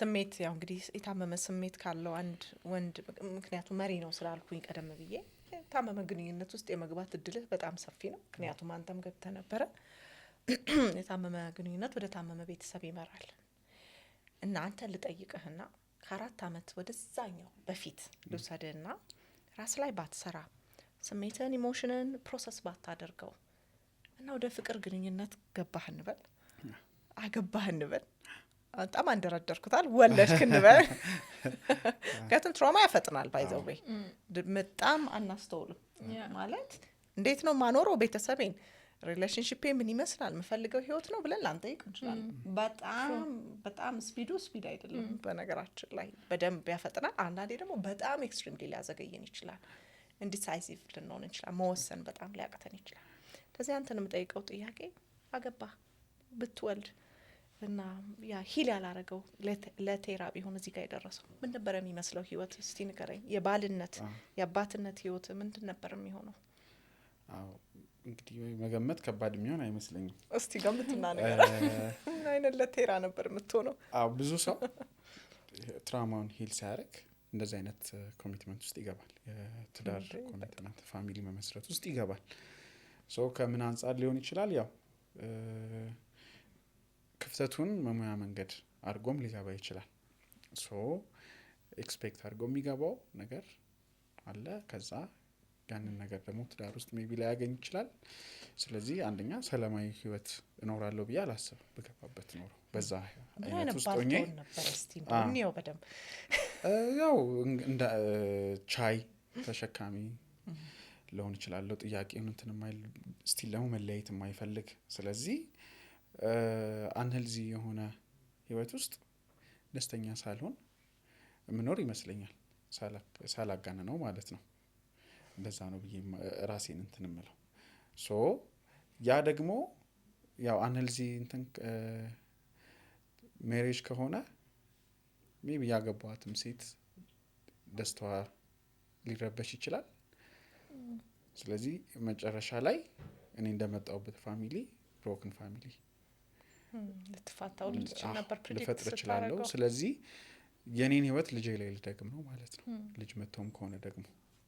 ስሜት ያው እንግዲህ የታመመ ስሜት ካለው አንድ ወንድ ምክንያቱም መሪ ነው ስላልኩኝ ቀደም ብዬ የታመመ ግንኙነት ውስጥ የመግባት እድልህ በጣም ሰፊ ነው። ምክንያቱም አንተም ገብተ ነበረ። የታመመ ግንኙነት ወደ ታመመ ቤተሰብ ይመራል እና አንተ ልጠይቅህና ከአራት አመት ወደዛኛው በፊት ልውሰድህና ራስ ላይ ባትሰራ ስሜትን ኢሞሽንን ፕሮሰስ ባታደርገው እና ወደ ፍቅር ግንኙነት ገባህ እንበል አገባህ እንበል በጣም አንደረደርኩታል ወለድ እንበል። ምክንያቱም ትሮማ ያፈጥናል። ባይዘዌ በጣም አናስተውልም። ማለት እንዴት ነው ማኖረው ቤተሰቤን ሪሌሽንሽፕ ምን ይመስላል የምፈልገው ህይወት ነው ብለን ላንጠይቅ እንችላለን። በጣም በጣም ስፒዱ ስፒድ አይደለም በነገራችን ላይ በደንብ ያፈጥናል። አንዳንዴ ደግሞ በጣም ኤክስትሪም ሊያዘገየን ይችላል። ኢንዲሳይሲቭ ልንሆን እንችላል። መወሰን በጣም ሊያቅተን ይችላል። ከዚህ አንተን የምጠይቀው ጥያቄ አገባ ብትወልድ እና ያ ሂል ያላረገው ለቴራ ሆን እዚህ ጋር የደረሰው ምን ነበር የሚመስለው ህይወት? እስቲ ንገረኝ። የባልነት የአባትነት ህይወት ምንድን ነበር የሚሆነው? አዎ እንግዲህ መገመት ከባድ የሚሆን አይመስለኝም። እስቲ ገምትና ነገር ምን አይነት ለቴራ ነበር የምትሆነው? አዎ ብዙ ሰው ትራማውን ሂል ሲያደርግ እንደዚህ አይነት ኮሚትመንት ውስጥ ይገባል። የትዳር ኮሚትመንት ፋሚሊ መመስረት ውስጥ ይገባል። ሰው ከምን አንጻር ሊሆን ይችላል ያው ክፍተቱን መሙያ መንገድ አድርጎም ሊገባ ይችላል። ሶ ኤክስፔክት አድርጎ የሚገባው ነገር አለ። ከዛ ያንን ነገር ደግሞ ትዳር ውስጥ ሜቢ ላይ ያገኝ ይችላል። ስለዚህ አንደኛ ሰላማዊ ህይወት እኖራለሁ ብዬ አላስብ ብገባበት ኖሮ በዛ ያው እንደ ቻይ ተሸካሚ ልሆን ይችላለሁ። ጥያቄውን እንትን ስቲል ደግሞ መለያየት የማይፈልግ ስለዚህ አንህልዚ የሆነ ህይወት ውስጥ ደስተኛ ሳልሆን ምኖር ይመስለኛል። ሳላጋነ ነው ማለት ነው። እንደዛ ነው ብዬ ራሴን እንትን ምለው ሶ ያ ደግሞ ያው አንህልዚ እንትን ሜሬጅ ከሆነ ሜቢ ያገባዋትም ሴት ደስታዋ ሊረበሽ ይችላል። ስለዚህ መጨረሻ ላይ እኔ እንደመጣሁበት ፋሚሊ ብሮክን ፋሚሊ ልትፋታው ልትችል ነበር ልፈጥር እችላለሁ። ስለዚህ የኔን ህይወት ልጄ ላይ ልደግም ነው ማለት ነው። ልጅ መጥቶም ከሆነ ደግሞ